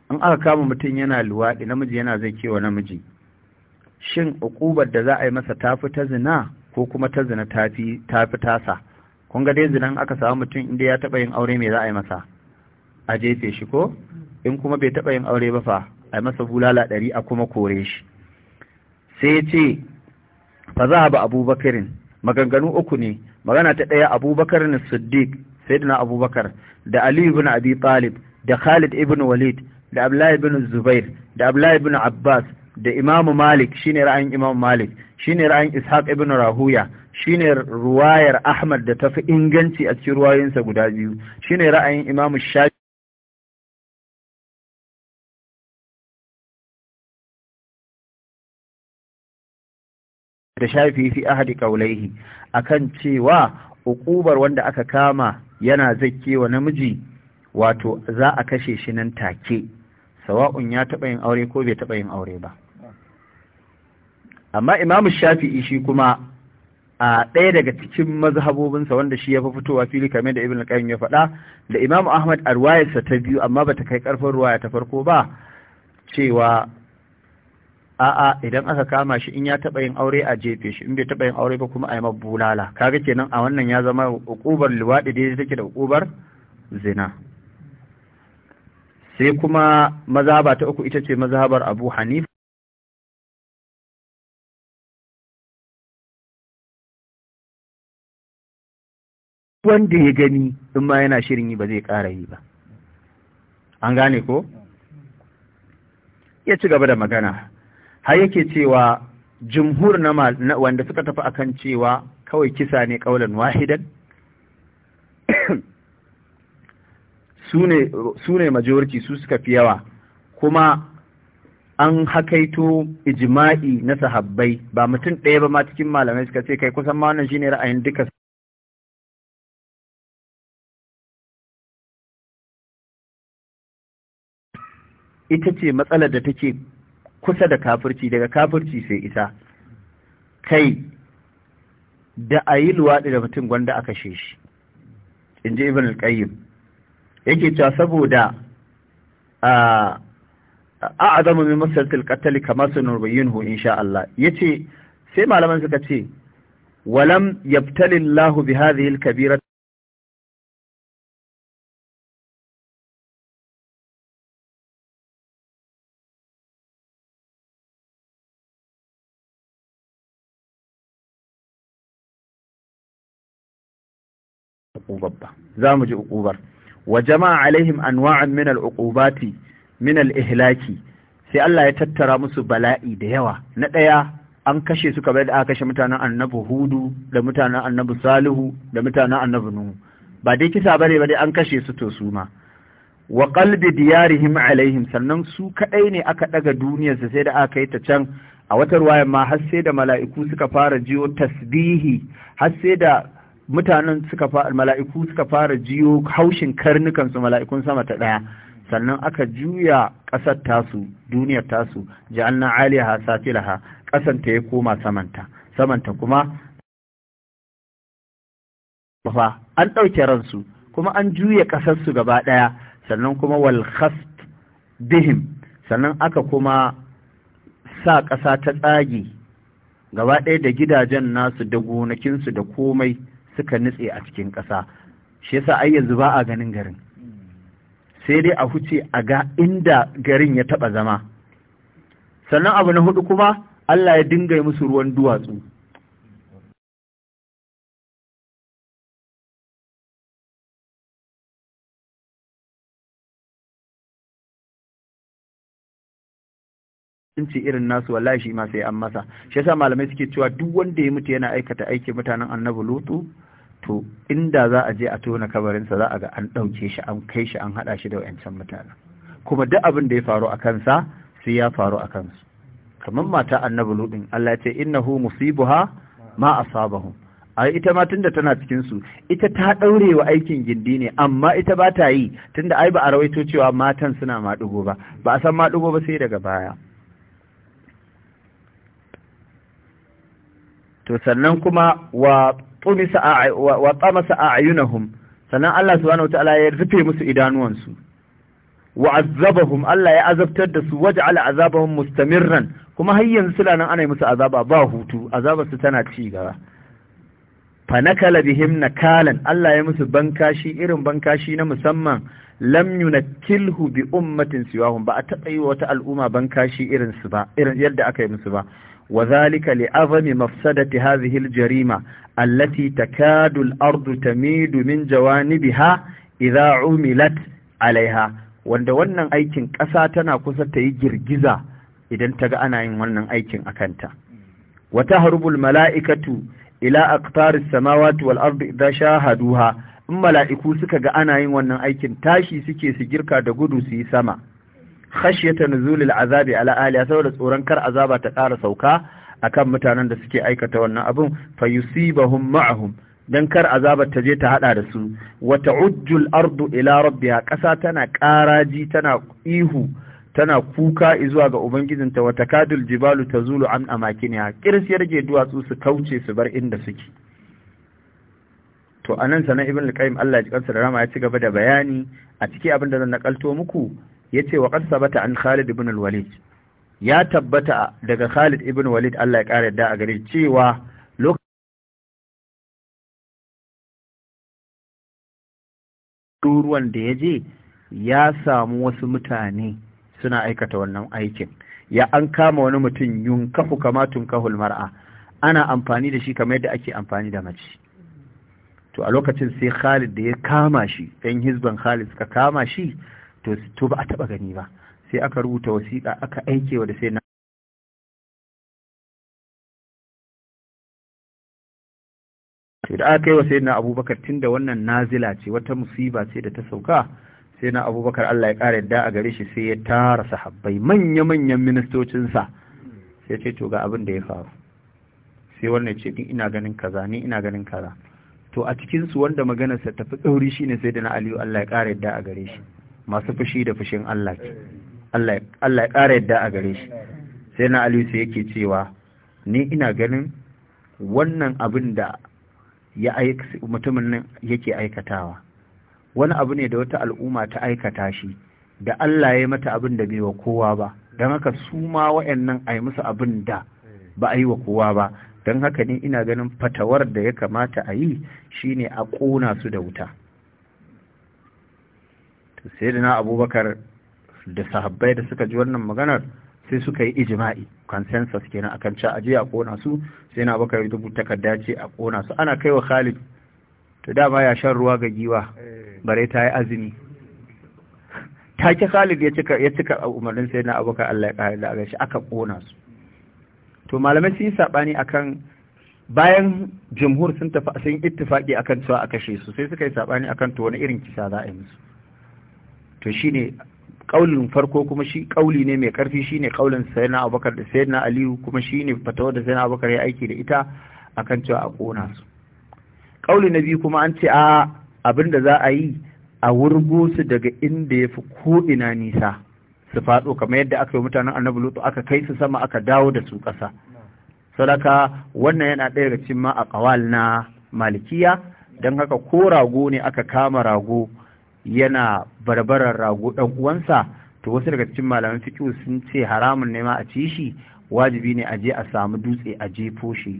[SPEAKER 1] An aka kama mutum yana luwaɗi namiji yana zai kewa namiji shin uqubar da za a yi masa tafi ta zina ko kuma ta zina tafi tafi tasa kun ga dai zinan aka samu mutum inda ya taɓa yin aure me za a yi masa a jefe shi ko in kuma bai taba yin aure ba fa a yi masa bulala dari a kuma kore shi sai ya ce fa za ba abubakarin maganganu uku ne magana ta ɗaya abubakarin siddiq sayyidina abubakar da Aliyu bin abi talib da khalid ibn walid da abdullahi ibn zubair da abdullahi ibn abbas da imam malik shine ra'ayin imam malik shine ra'ayin ishaq ibn rahuya shine ruwayar ahmad da tafi inganci a cikin ruwayoyinsa guda
[SPEAKER 4] biyu shine ra'ayin imam shafi da shafi
[SPEAKER 1] fi ahadi kaulaihi akan cewa hukubar wanda aka kama yana wa namiji wato za a kashe shi nan take sawa'un ya taɓa yin aure ko bai taɓa yin aure ba amma imamu shafi'i shi kuma a ɗaya daga cikin mazhabobinsa wanda shi ya fi fitowa fili kamar da ibn al ya faɗa da imamu ahmad a ruwayarsa ta biyu amma bata kai ƙarfin ruwaya ta farko ba cewa a'a idan aka kama shi in ya taba yin aure a jefe shi in bai taba yin aure ba kuma a yi bulala kaga kenan a wannan ya zama hukubar luwaɗi dai take da hukubar zina sai kuma mazhaba ta uku
[SPEAKER 4] ita ce mazhabar abu hanif wanda ya gani in
[SPEAKER 1] ma yana shirin yi ba zai ƙara yi ba an gane ko ya ci gaba da magana har yake cewa jumhur na wanda suka tafi akan cewa kawai kisa ne kaulan wahidan [coughs] su ne majority su suka fi yawa kuma an hakaito ijma'i na sahabbai ba mutum ɗaya ba ma cikin malamai suka ce kai kusan ma wannan ne ra'ayin duka
[SPEAKER 4] ita ce matsalar
[SPEAKER 1] da take kusa da kafirci daga kafirci sai isa, kai da a yi luwaɗi da mutum gwanda aka she shi in ji ibn al-qayyim yake cewa saboda a a'azamu min masaltil qatl kama sunubayyinhu insha Allah yace sai malaman suka ce walam yabtalillahu Allah bi hadhihi al-kabirah
[SPEAKER 4] uqubar ba za mu ji
[SPEAKER 1] uqubar wa jama'a alaihim anwa'an min al-uqubati min al-ihlaki sai Allah ya tattara musu bala'i da yawa na ɗaya an kashe su kamar da aka kashe mutanen annabi hudu da mutanen annabi salihu da mutanen annabi nuhu ba dai kisa bane ba dai an kashe su to su ma wa qalbi diyarihim alaihim sannan su kadai ne aka daga duniyar su sai da aka yi ta can a wata wayan ma har sai da mala'iku suka fara jiyo tasbihi har sai da mutanen suka fara mala'iku suka fara jiyo haushin karnukan su mala'ikun sama ta daya sannan aka juya ƙasar tasu duniyar tasu ja'alna aliha safilaha ƙasan ta ya koma samanta samanta kuma fa an ɗauke ransu kuma an juya ƙasarsu gaba ɗaya sannan kuma wal bihim sannan aka kuma sa ƙasa ta tsage gaba ɗaya da gidajen nasu da gonakinsu da komai suka nutse a cikin ƙasa shi yasa ai yanzu ba a ganin garin sai dai a huce a ga inda garin ya taɓa zama sannan abu na hudu kuma Allah ya dinga musu ruwan duwatsu mutunci irin nasu wallahi shi ma sai an masa shi yasa malamai suke cewa duk wanda ya mutu yana aikata aiki mutanen annabi lutu to inda za a je a tona kabarinsa za a ga an ɗauke shi an kai shi an haɗa shi da wayancan mutanen kuma duk abin da ya faru a kansa sai ya faru a kansu kamar mata annabi lutin Allah ya ce innahu musibuha ma asabahum ai ita ma tunda tana cikin su ita ta daure wa aikin gindi ne amma ita ba ta yi tunda ai ba a rawaito cewa matan suna madugo ba ba a san madugo ba sai daga baya to sannan kuma wa tumisa wa a a'yunahum sannan Allah subhanahu ta'ala ya rufe musu idanuwansu wa azabahum Allah ya azabtar da su waje waj'ala azabahum mustamirran kuma har yanzu suna nan ana yi musu azaba ba hutu azabar su tana ci gaba fa nakala bihim nakalan Allah ya musu bankashi irin bankashi na musamman lam yunakilhu bi ummatin siwahum ba a taɓa yi wata al'umma bankashi irin su ba irin yadda aka yi musu ba وذلك لعظم مفسدة هذه الجريمة التي تكاد الأرض تميد من جوانبها إذا عملت عليها wanda wannan aikin ƙasa tana kusa ta yi girgiza idan ta ga ana yin wannan aikin a kanta wata harbul mala'ikatu ila aqtaris samawati wal ardi idza shahaduha in mala'iku suka ga ana yin wannan aikin tashi suke su girka da gudu su yi sama khashyata nuzulil azabi ala ahliha saboda tsoron kar azaba ta ƙara sauka akan mutanen da suke aikata wannan abun fa yusibahum ma'ahum dan kar azabar ta je ta hada da su wa ta'ujjul ardu ila rabbiha ƙasa tana ƙaraji tana ihu tana kuka zuwa ga ubangijinta wa takadul jibalu tazulu an amakiniha kirs ya rage duwatsu su kauce su bar inda suke to anan sanan ibn al-qayyim Allah ya ji kansa da rama ya ci gaba da bayani a cikin abin da zan nakalto muku Ya ce wa qad an Khalid ibn walid ya tabbata daga Khalid ibn Walid Allah ya ƙara da a gari cewa ruwan da ya je ya samu wasu mutane suna aikata wannan aikin ya an kama wani mutum kafu kama tunkahul mar'a ana amfani da shi kamar yadda ake amfani da mace to a lokacin sai Khalid da ya kama shi ɗan hizban Khalid suka kama shi to ba a taɓa gani ba sai aka rubuta wasiƙa
[SPEAKER 4] aka aike wa da sai na
[SPEAKER 1] sai da aka yi wa sai na abubakar tun da wannan nazila ce wata musiba ce da ta sauka sai na abubakar Allah ya ƙara yadda a gare shi sai ya tara sahabbai manya-manyan ministocinsa sai ce to ga abin da ya faru sai wannan ce ni ina ganin kaza ni ina ganin kaza to a cikinsu wanda maganarsa tafi ɗauri shine sai da na aliyu Allah ya ƙara yadda a gare shi masu fushi da fushin Allah ce Allah ya ƙara yadda a gare shi sai na alisu yake cewa ni ina ganin wannan abin da mutumin nan yake aikatawa wani abu ne da wata al'umma ta aikata shi da Allah ya mata abin da bai wa kowa ba don haka su ma waɗannan a yi musu abin da ba a yi wa kowa ba don haka ne ina ganin fatawar da ya kamata a yi shine a ƙona su da wuta to na abubakar da sahabbai da suka ji wannan maganar sai suka yi ijima'i consensus kenan akan ca aje a kona su sai na abubakar rubuta takarda ce a kona su ana kaiwa Khalid to dama ya shan ruwa ga giwa bare ta yi azumi take Khalid ya cika ya cika umarnin sai na abubakar Allah ya kare da gashi aka kona su to malamai sun yi sabani akan bayan jumhur sun tafi sun ittifaki akan cewa a kashe su sai suka yi sabani akan to wani irin kisa za a yi musu to shi ne ƙaulin farko kuma shi ne mai ƙarfi, shi ne ƙaulin sayana Abubakar da sayyidina Aliyu kuma shi ne fatawar da sayana Abubakar ya aiki da ita a kan cewa a ƙona su Ƙauli na biyu kuma an ce a da za a yi a wurgo su daga inda ya fi ko'ina nisa su faɗo kamar yadda aka yi mutanen annabi lutu aka kai su sama aka dawo da su ƙasa sadaka wannan yana ɗaya daga cikin a ƙawal na malikiya don haka ko rago ne aka kama rago yana barbarar rago ɗan uwansa to wasu daga cikin malaman fiƙi sun ce haramun ne ma a ci shi wajibi ne a je a samu dutse a jefo shi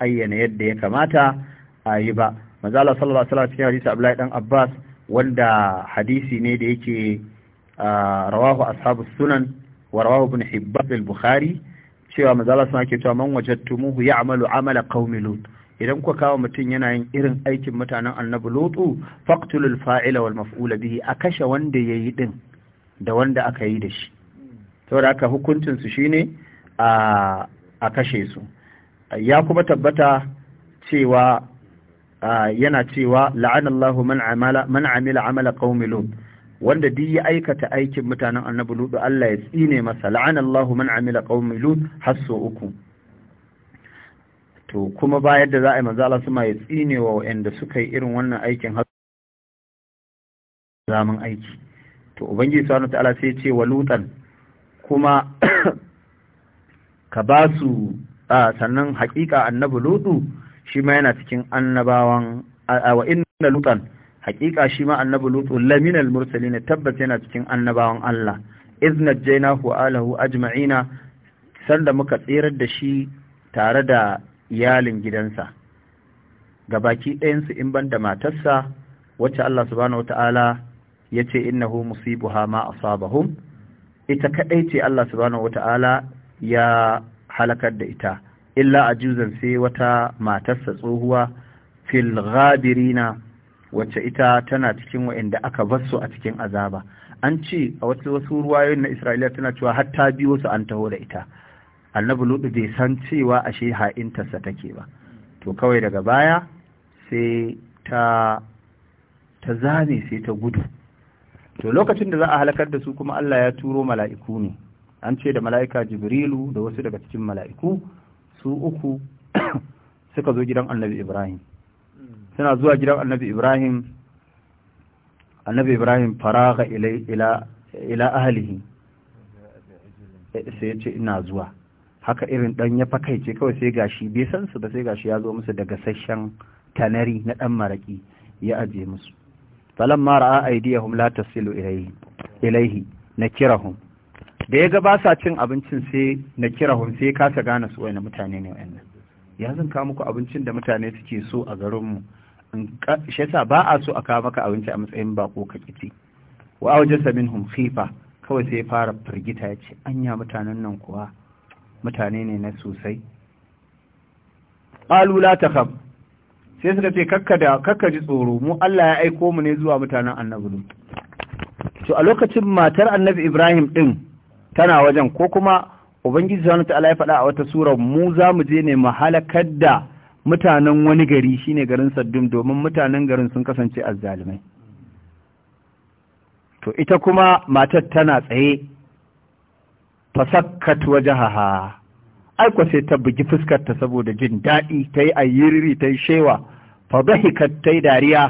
[SPEAKER 1] ayyana yadda ya kamata a yi ba mazala sallallahu alaihi wasallam cikin hadisi Abdullahi dan Abbas wanda hadisi ne da yake rawahu ashabu sunan wa rawahu ibn hibban bil bukhari cewa manzala sun ake cewa man ya ya'malu amala qaumi lut idan kuka kawo mutum yana yin irin aikin mutanen annabi lutu faqtulul fa'ila wal maf'ula bihi a kashe wanda yayi din da wanda aka yi da shi saboda haka hukuncin su shine a kashe su ya kuma tabbata cewa yana cewa la'anallahu man amala amila amala qaumi lut wanda duk ya aikata aikin mutanen annabi ludu Allah ya tsine masa la'anallahu man amila qaumi lud hasso uku to kuma ba da za a yi manzo Allah suma ya tsine wa wanda suka yi irin wannan aikin har zaman aiki to ubangiji subhanahu ta'ala sai ya ce wa lutan kuma [coughs] ka basu su sannan haƙiƙa annabi ludu shi ma yana cikin annabawan wa inna lutan hakika shi ma annabi lutu laminal mursalin tabbata yana cikin annabawan Allah izna jainahu alahu ajma'ina sanda muka tsirar da shi tare da iyalin gidansa Ga gabaki ɗayansu in banda matarsa wacce Allah subhanahu wata'ala ya ce innahu musibuha ma asabahum ita kadai ce Allah subhanahu wata'ala ya halakar da ita illa ajuzan sai wata matarsa tsohuwa fil ghabirina wacce ita tana cikin wa'inda aka basu a cikin azaba an ce a wasu wasu ruwayoyin na isra'ila tana cewa har ta biyo su an taho da ita annabi lutu bai san cewa a ashe ha'intarsa take ba to kawai daga baya sai ta ta zame sai ta gudu to lokacin da za a halakar da su kuma Allah ya turo mala'iku ne an ce da mala'ika jibrilu da wasu daga cikin mala'iku su uku [coughs] suka zo gidan annabi ibrahim suna zuwa gidan annabi ibrahim annabi ibrahim faraga ila ahlihi sai ce ina zuwa haka irin dan ya fakaice kawai sai gashi bai san su ba sai gashi ya zo musu daga sashen tanari na dan maraki ya aje musu ma ra'a aydiyahum la tasilu ilayhi ilayhi nakirahum da ya ga ba sa cin abincin sai na kira sai kasa gane su wani mutane ne wayannan ya zan muku abincin da mutane suke so a garinmu shi yasa ba a so a kawo maka abinci a matsayin bako ka kici wa awjasa minhum khifa kawai sai ya fara firgita ya ce anya mutanen nan kuwa mutane ne na sosai qalu la takhaf sai suka ce kakka da kakka ji tsoro mu Allah ya aiko mu ne zuwa mutanen annabi to a lokacin matar annabi Ibrahim din tana wajen ko kuma ubangiji subhanahu wa ta'ala faɗa a wata sura mu za mu je ne mu halakar da mutanen wani gari shine garin saddum domin mutanen garin sun kasance azzalimai to ita kuma matar tana tsaye fasakkat wajahaha aiko sai ta bugi fuskarta saboda jin daɗi ta yi ayyiriri ta yi shewa fadahikat ta yi dariya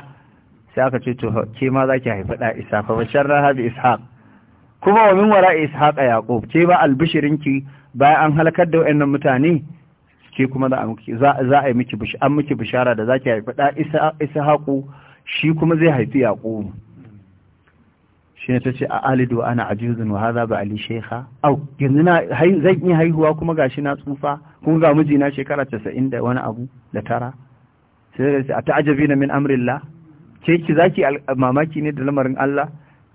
[SPEAKER 1] sai aka ce to ke ma za ki haifi ɗa isa fa bashar rahabi ishaq kuma wa min wara ishaq a yaqub ce ba albishirinki bayan an halakar da wayannan mutane ke kuma za a yi miki an miki bishara da zaki haifi da isa haƙu shi kuma zai haifi yaƙo shi ne ta ce a alidu ana ajizun wa haza ba ali sheha au yanzu na zan yi haihuwa kuma ga shi na tsufa kuma ga mijina shekara casa'in da wani abu da tara sai da a ta'ajabi na min amrillah ke ki zaki mamaki ne da lamarin Allah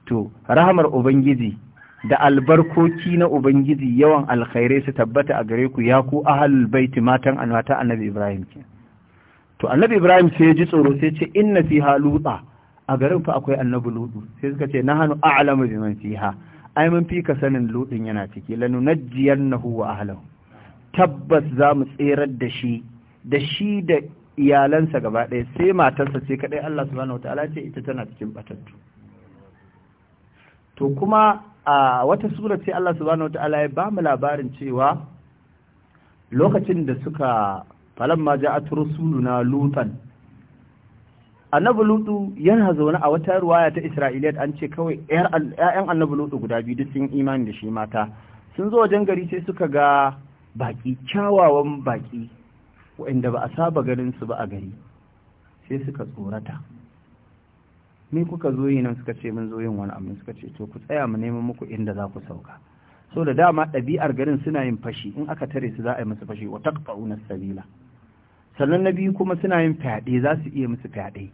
[SPEAKER 1] to rahamar ubangiji da albarkoki na ubangiji yawan alkhairai su tabbata a gare ku ya ku ahalul baiti matan anwata annabi ibrahim ke to annabi ibrahim sai ya ji tsoro sai ce inna fi lutsa a garin fa akwai annabi ludu sai suka ce na hanu a'lamu man fiha ai mun fi ka sanin ludin yana ciki lanu najjiyannahu wa ahlahu tabbas za mu tserar da shi da shi da iyalansa gaba ɗaya sai matarsa ce kaɗai Allah subhanahu wataala ce ita tana cikin batattu to kuma a wata sura ce Allah subhanahu wataala ya ba mu labarin cewa lokacin da suka falamma ja'at rusuluna lutan annabi lutu yana zaune a wata ruwaya ta isra'iliyat an ce kawai 'ya'yan annabi lutu guda biyu duk sun imani da shi mata sun zo wajen gari sai suka ga baki kyawawan baki waɗanda ba a saba ganin su ba a gari sai suka tsorata ni kuka zo yi nan suka ce mun zo yin wani abin suka ce to ku tsaya mu neman muku inda za ku sauka so da dama ɗabi'ar garin suna yin fashi in aka tare su za a yi musu fashi wa taqfa'una sabila sannan na biyu kuma suna yin fyaɗe za su iya musu fyaɗe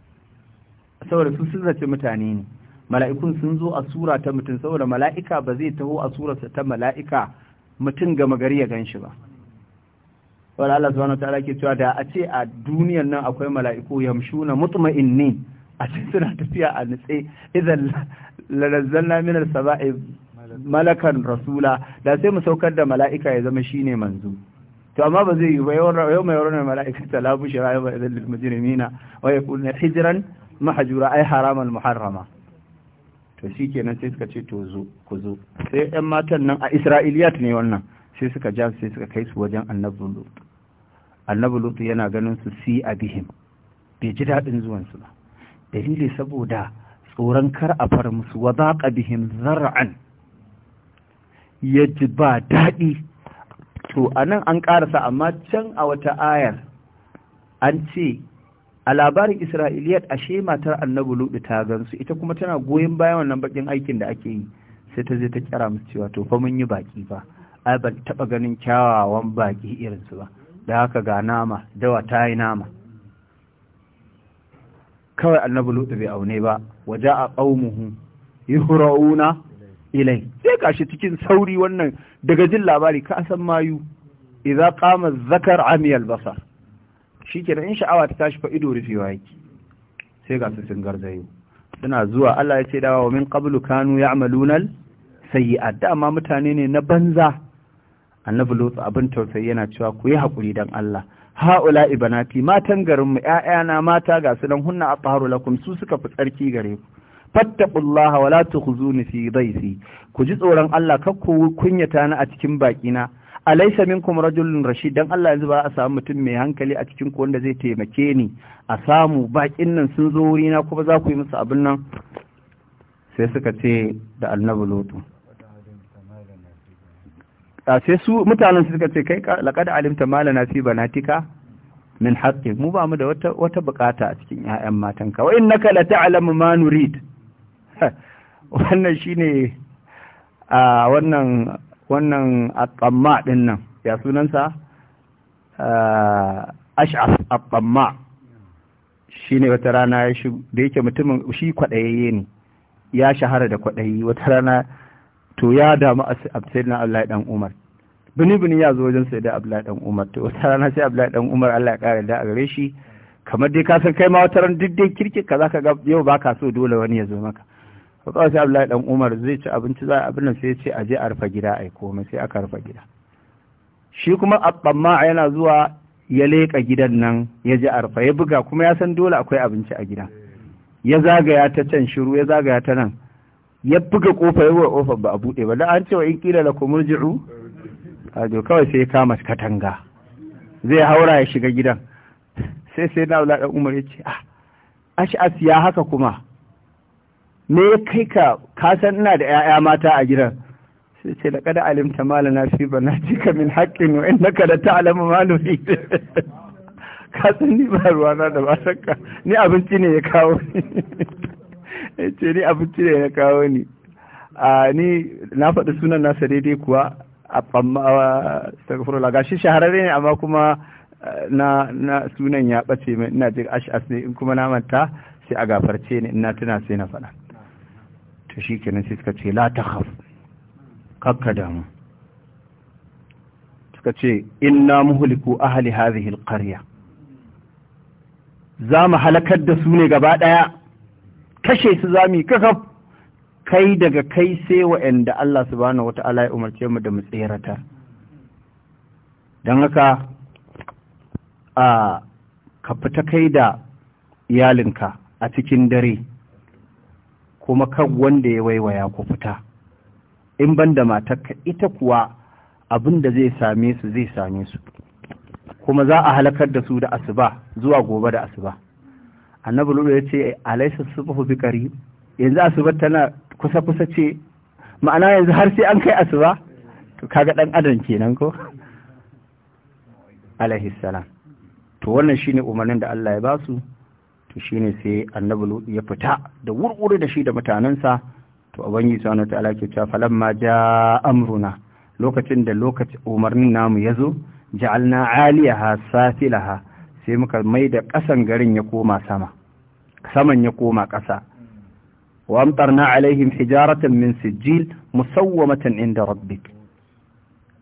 [SPEAKER 1] saboda su sun zace mutane ne mala'ikun sun zo a sura ta mutum saboda mala'ika ba zai taho a surarsa ta mala'ika mutum gama gari ya gan shi ba wala Allah subhanahu wa ta'ala ke cewa da a ce a duniyar nan akwai mala'iku yamshuna mutma'innin a [laughs] cikin suna tafiya a nutse idan larazzalna minar saba'i malakan rasula da sai mu saukar da mala'ika ya zama shine manzo to amma ba zai yi ba yau mai wurin mala'ika ta labu shi rayu ba idan mujrimina wa kuna hijiran mahajura ai haraman muharrama to shi kenan sai suka ce to zo ku zo sai yan matan nan a isra'iliyat ne wannan sai suka ja sai suka kai su wajen annabi Lutu annabi Lutu yana ganin su si bihim bai ji dadin zuwansu ba dalili saboda tsoron kar a far musu wa zaqa bihin zar'an ya ji ba daɗi to a nan an ƙarasa amma can a wata ayar an ce a labarin isra'iliyat ashe matar annabi luɗi ta gansu ita kuma tana goyon bayan wannan bakin aikin da ake yi sai ta je ta kira musu cewa to fa mun yi baki ba ai ban taɓa ganin kyawawan baki irinsu ba da haka ga nama dawa ta yi nama kawai annabi lutu bai aune ba waje a qaumuhu yuhra'una ilai sai kashi cikin sauri wannan daga jin labari ka san mayu idza kama zakar amiyal ke da in sha'awa ta tashi fa ido rufe yake sai ga su sun garzayo suna zuwa Allah ya ce dawa wa min qablu kanu sayi' A dama mutane ne na banza annabi lutu abin tausayi yana cewa ku yi hakuri dan Allah ha'ula ibanati matan garinmu ƴaƴana mata ga su nan hunna a lakum su suka fi tsarki gare ku fattaqullaha wala tukhzuni fi dhayfi ku ji tsoron Allah kar ku kunyata ni a cikin na alaysa minkum rajulun rashid dan Allah yanzu ba a samu mutum mai hankali a cikin ku wanda zai taimake ni a samu bakin nan sun zo wuri wurina kuma za ku yi musu abin nan sai suka ce da annabi lutu Ah, sai su mutanen suka ce kai da alimta malana fi banatika min haƙƙi. mu ba mu da wata buƙata a cikin ƴaƴan matanka wa na la alamu ma nurid wannan shi a ah, wannan wannan ɗinnan. nan ya sunansa ah, ash'af at shi ne wata rana ya shi da yake mutumin shi kwadayayye ne ya shahara da kwaɗayi wata rana to ya damu a na Abdullahi dan Umar bini bini ya zo wajen da Abdullahi dan Umar to wata rana sai Abdullahi dan Umar Allah ya kare da a gare shi kamar dai ka san kai ma wata ran duk dai kirki ka ka ga yau baka so dole wani ya zo maka to kawai sai Abdullahi dan Umar zai ci abinci za abin nan sai ya ce je a rufe gida ai komai sai aka rufe gida shi kuma abamma yana zuwa ya leƙa gidan nan ya ji arfa ya buga kuma ya san dole akwai abinci a gida ya zagaya ta can shiru ya zagaya ta nan ya buga kofa yawa kofa ba a buɗe ba da an cewa in kila la kumurji'u a to kawai sai ya kama katanga zai haura ya shiga gidan sai sai na wula dan umar ya ce ah ash'as ya haka kuma me ya kai ka ka san ina da 'ya'ya mata a gidan sai ce laqad alimta ma lana fi cika min haqqin wa innaka la ta'lamu ma nufi [laughs] ka san ni ba ruwana da ba ni abinci ne ya kawo [laughs] ce ni abinci ne ya kawo ni a ni na faɗi sunan nasa daidai kuwa a ɓamma a shi shahararre ne amma kuma na na sunan ya ɓace mai ina jin ash ne in kuma na manta sai a gafarce ne ina tuna sai na faɗa to shi kenan sai suka ce la ta haf kakka damu suka ce inna muhliku ahli hadhihi alqarya za mu halakar da su ne gaba ɗaya kashe su za mu yi, kakaf kai daga kai sai wa'anda Allah subhanahu wata'ala ya umarce mu da mu tsirata. don haka a ka fita kai da iyalinka a cikin dare kuma kan wanda ya waiwaya ku fita in ban da matakka ita kuwa abin da zai same su zai same su kuma za a halakar da su da asuba zuwa gobe da asuba annabi lulu ya ce alaisa subahu bi kari yanzu asuba tana kusa kusa ce ma'ana yanzu har sai an kai asuba to kaga dan adam kenan ko alaihi salam to wannan shine umarnin da Allah ya basu to shine sai annabi lulu ya fita da wurwuri da shi da mutanansa to ubangiji subhanahu ta ke ta falamma ja amruna lokacin da lokacin umarnin namu yazo ja'alna 'aliyaha safilaha sai muka mai da ƙasan garin ya koma sama saman ya koma ƙasa wa amtarna alaihim hijaratan min sijil musawwamatan inda rabbik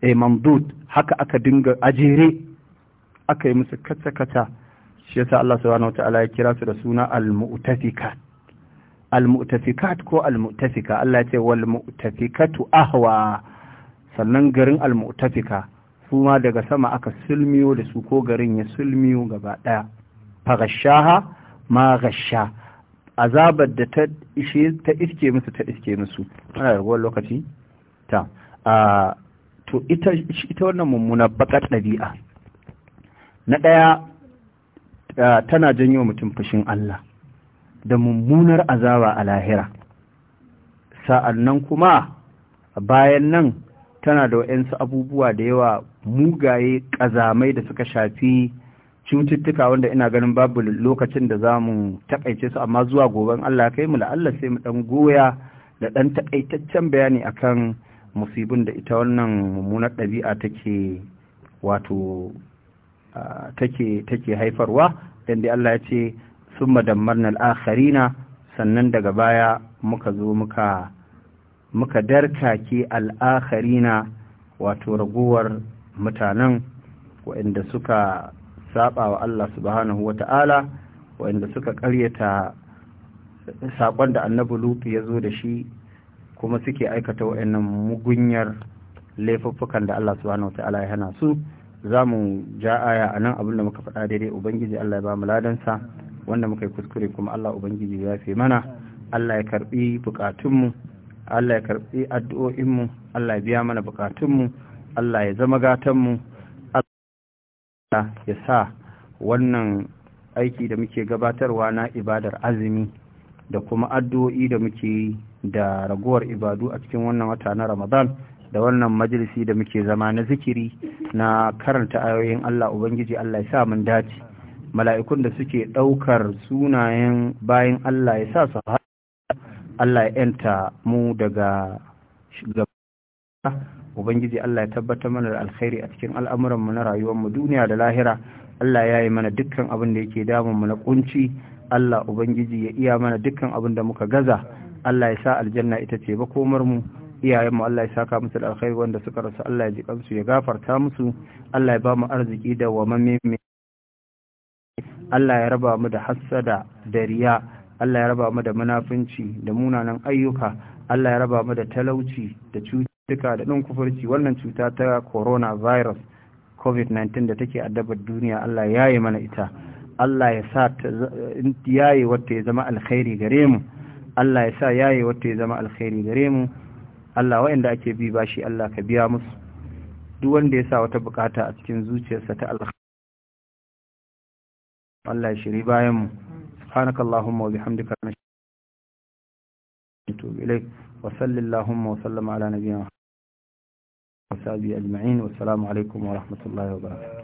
[SPEAKER 1] eh mamdud haka aka dinga ajere aka yi musu kata-kata shi yasa Allah subhanahu wataala ya kira su da suna al-mu'tafikat al-mu'tafikat ko al-mu'tafika Allah ya ce wal mu'tafikatu ahwa sannan garin al-mu'tafika su ma daga sama aka sulmiyo da su ko garin ya sulmiyo gaba ɗaya fagashaha ma gasha azabar da ta iske musu ta iske musu ana da lokaci ta to ita wannan mummuna bakar ɗabi'a na ɗaya tana janyo mutum fushin Allah da mummunar azaba a lahira sa'an nan kuma bayan nan tana da wa'yansu abubuwa da yawa mugaye ƙazamai da suka shafi cututtuka wanda ina ganin babu lokacin da za mu taƙaice su amma zuwa goben Allah kai mu la'alla sai mu ɗan goya da ɗan taƙaitaccen bayani akan musibin da ita wannan mummunar ɗabi'a take wato take take haifarwa dan Allah ya ce summa dammarna al-akharina sannan daga baya muka zo muka muka ke al'akharina wato raguwar mutanen waɗanda suka saba wa Allah subhanahu wa ta'ala waɗanda suka karyata saƙon da annabi lutu ya zo da shi kuma suke aikata waɗannan mugunyar laifuffukan da Allah subhanahu wa ta'ala ya hana su za mu ja aya a nan abinda muka faɗa daidai ubangiji Allah ya ba mu ladansa wanda muka yi kuskure kuma Allah ubangiji ya fi mana Allah ya karɓi buƙatunmu Allah ya karbi addu'o'inmu Allah ya biya mana bukatunmu Allah ya zama gatanmu Allah ya sa wannan aiki da muke gabatarwa na ibadar azumi da kuma addu'o'i da muke da ragowar ibadu a cikin wannan wata na Ramadan da wannan majalisi da muke zama na zikiri na karanta ayoyin Allah Ubangiji Allah ya sa mun dace mala'ikun da suke ɗaukar sunayen bayan Allah ya sa su Allah ya yanta mu daga Ubangiji Allah ya tabbatar mana da alkhairi a cikin al'amuranmu na rayuwarmu duniya da lahira Allah ya yi mana dukkan abin da yake damunmu na kunci Allah Ubangiji ya iya mana dukkan abin da muka gaza Allah ya sa aljanna ita ce bakomarmu iyayenmu Allah ya saka musu da alkhairi wanda suka rasu Allah ya ji kansu ya gafarta musu Allah ya ba mu arziki da wa mamme Allah ya raba mu da hassada da riya Allah ya raba mu da munafunci da munanan ayyuka Allah ya raba mu da talauci da cutuka da ɗin kufurci wannan cuta ta coronavirus covid-19 da take addabar duniya Allah ya yi mana ita Allah ya sa yayi wata ya zama alkhairi gare mu Allah ya sa yayi wata ya zama alkhairi gare mu Allah waɗanda ake bi bashi Allah ka biya musu duk wanda ya sa wata bukata a cikin zuciyarsa ta alkhairi Allah ya shiri bayan mu سبحانك اللهم وبحمدك
[SPEAKER 4] نتوب إليك وصل اللهم وسلم على نبينا وصحبه أجمعين والسلام عليكم ورحمة الله وبركاته